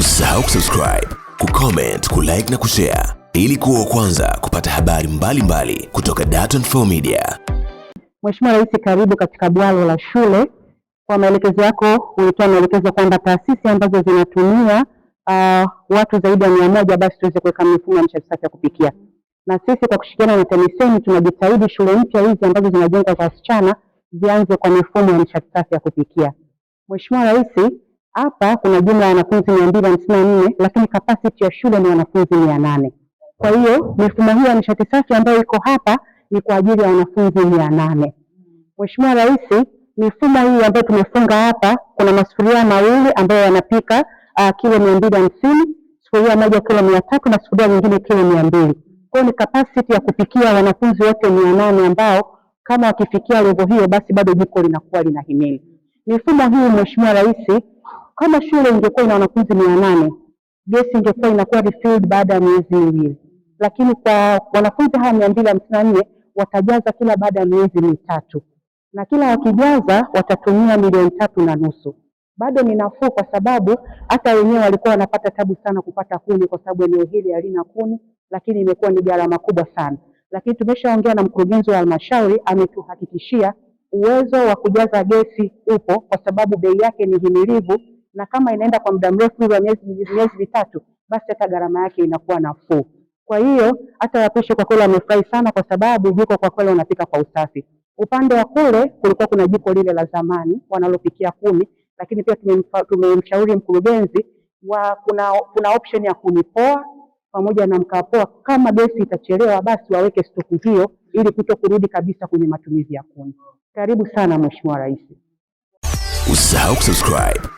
Usisahau kusubscribe, kucomment, kulike na kushare ili kuwa kwanza kupata habari mbalimbali mbali kutoka Dar24 Media. Mheshimiwa Rais, karibu katika bwalo la shule. Kwa maelekezo yako ulitoa maelekezo kwamba taasisi ambazo zinatumia uh, watu zaidi ya mia moja basi tuweze kuweka mifumo ya nishati safi ya kupikia, na sisi kwa kushirikiana na TAMISEMI tunajitahidi shule mpya hizi ambazo zinajengwa kwa wasichana zianze kwa mifumo ya nishati safi ya kupikia. Mheshimiwa Rais, hapa kuna jumla ya wanafunzi mia mbili hamsini na nne lakini capacity ya shule ni wanafunzi mia nane Kwa hiyo mifumo hii ya nishati safi ambayo iko hapa ni kwa ajili ya wanafunzi mia nane Mheshimiwa Rais, mifumo hii ambayo tumefunga hapa, kuna masufuria mawili ambayo yanapika uh, kilo mia mbili hamsini sufuria moja kilo mia tatu na sufuria nyingine kilo mia mbili Kwa hiyo ni capacity ya kupikia wanafunzi wote mia nane ambao kama wakifikia levo hiyo, basi bado jiko linakuwa linahimili. Mifumo hii Mheshimiwa Rais kama shule ingekuwa ina wanafunzi mia nane gesi ingekuwa inakuwa refilled baada ya miezi miwili, lakini kwa wanafunzi hawa mia mbili hamsini na nne watajaza kila baada ya miezi mitatu, na kila wakijaza watatumia milioni tatu na nusu. Bado ni nafuu, kwa sababu hata wenyewe walikuwa wanapata tabu sana kupata kuni, kwa sababu eneo hili halina kuni, lakini imekuwa ni gharama kubwa sana. Lakini tumeshaongea na mkurugenzi wa halmashauri, ametuhakikishia uwezo wa kujaza gesi upo, kwa sababu bei yake ni himilivu na kama inaenda kwa muda mrefu wa miezi mitatu, basi hata gharama yake inakuwa nafuu. Kwa hiyo hata wapishi kwa kweli wamefurahi sana, kwa sababu jiko kwa kweli unapika kwa usafi. Upande wa kule kulikuwa kuna jiko lile la zamani wanalopikia kumi lakini pia tumemshauri mkurugenzi wa kuna, kuna option ya kunipoa pamoja na mkapoa kama gesi itachelewa, basi waweke stoku hiyo ili kuto kurudi kabisa kwenye matumizi ya kuni. Karibu sana Mheshimiwa Rais. Usisahau kusubscribe